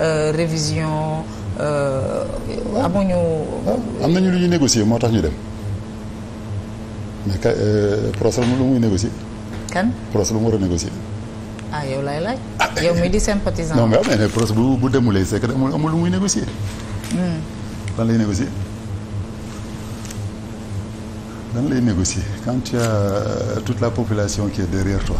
Euh, révision euh, amuñu. Ah, am nañu lu ñuy négocier moo tax ñu dem mais ka euh, procès lu muy négocier. kan procès lu mu war a négocier. ah yow lay laaj. yow mi di sympathisant. non mais ah, mais procès bu bu demulee c'est que amul lu muy négocier. Hmm. lan lay négocier. lan lay négocier quand tu as toute la population qui est derrière toi.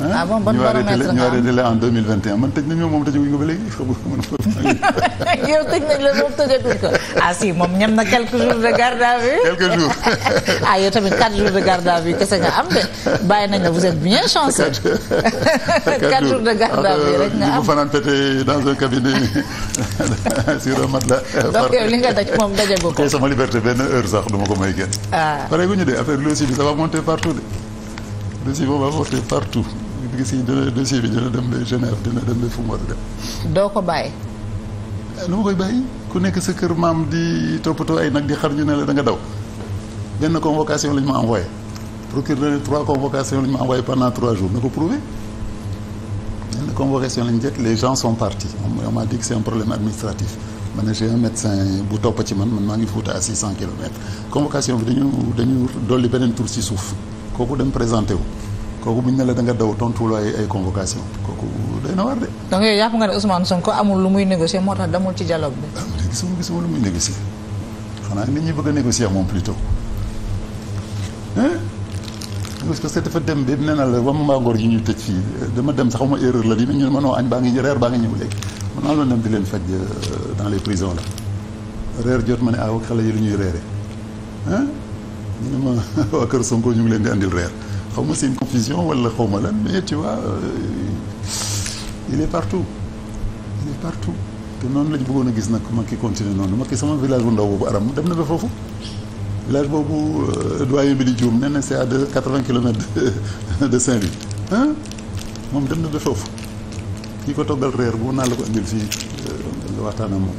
Ah, ah bon bon baromètre ñu arrêté la en 2021 man tëj nañ moom tëjaguñ ko ba léegi yow tëj nañ la moom tëjaguñ ko ah si moom ñam na quelques jours de garde à vue quelques jours ah yow tamit 4 jours de garde à vue kese nga am de bàyyi nañ la vous êtes bien chanceux 4 jours de garde à vue rek nga am ñu fanaan pété dans un cabinet sur un matelas donc yow li nga daj moom dajagu ko sama liberté benn heure sax duma ko may kenn ah pare gu ñu de affaire lu aussi bi ça va monter partout de lu aussi boobu va monter partout gis yi dina dossier bi dina dem ba Genève dina dem ba fu mu war a dem. doo ko bàyyi. lu eh, ma koy bàyyi ku nekk sa kër maam di toppatoo ay nag di xar ñu ne la da nga daw benn convocation lañ ma envoyé procureur ne trois convocations lañ ma envoyé pendant trois ko prouvé. benn convocation lañ jot les gens sont partis on m'a dit que problème administratif ma ne j'ai un médecin bu topp ci man man maa ngi Fuuta à six cent kilomètres convocation bi dañu dañu dolli beneen tour ci suuf kooku dem présenté wu. kooku bu ñu ne la da nga daw tontuwul ay ay convocation kooku day na war de. donc yow yàpp nga ne Ousmane Sonko amul lu muy négocier moo tax demul ci dialogue bi. ah mais gisuma gisuma lu muy négocier xanaa nit bëgg a négocier moom plutôt. parce que dafa dem ba nee na la wam mbaa ngor ñu tëj fii dama dem sax ma erreur la di ñu mënoo añ baa ngi reer baa ngi ñëw léegi mën naa loon dem di leen faj euh, dans les prisons la reer jot ma ne aw ah, xale yi lu ñuy reere ñu ne kër Sonko ñu ngi leen di indil reer xaw ma seen confusion wala xaw ma lan mais tu vois euh, il est partout il est partout te noonu lañ bëggoon a gis nag Macky continuer noonu Macky sama village bu ndaw boobu aram dem na ba foofu village boobu euh, doyen bi di Dioum nee na c'est à deux quatre-vingts kilomètres de Saint-Louis moom dem na ba foofu kii ko toggal reer bu naa la ko indil fii euh, nga waxtaan ak moom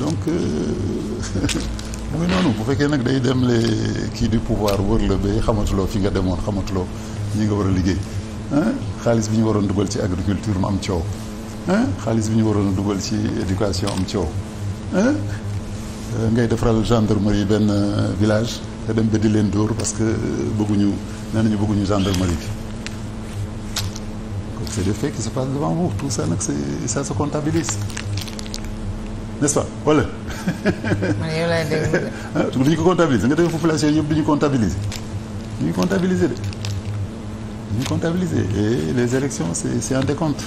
donc euh, muy noonu bu fekkee nag day dem les kii di pouvoir wër la ba xamatuloo fi nga demoon xamatuloo ñi nga war a liggéey xaalis bi ñu waroon dugal ci agriculture mu am coow xaalis bi ñu waroon dugal ci éducation am coow euh, ngay defaral gendarmerie benn euh, village te dem ba di leen dóor parce que euh, bëgguñu nee nañu bëgguñu gendarmerie bi c'est des fekk si se passent devant vous tout ça nag c'est ça se comptabilise n'est-ce pas wala. man yow laay dégg. Ah, du ñu ko comptabiliser nga dégg population yëpp du ñu comptabiliser du ñu comptabiliser de du ñu comptabiliser et les élections c'est c'est un décompte.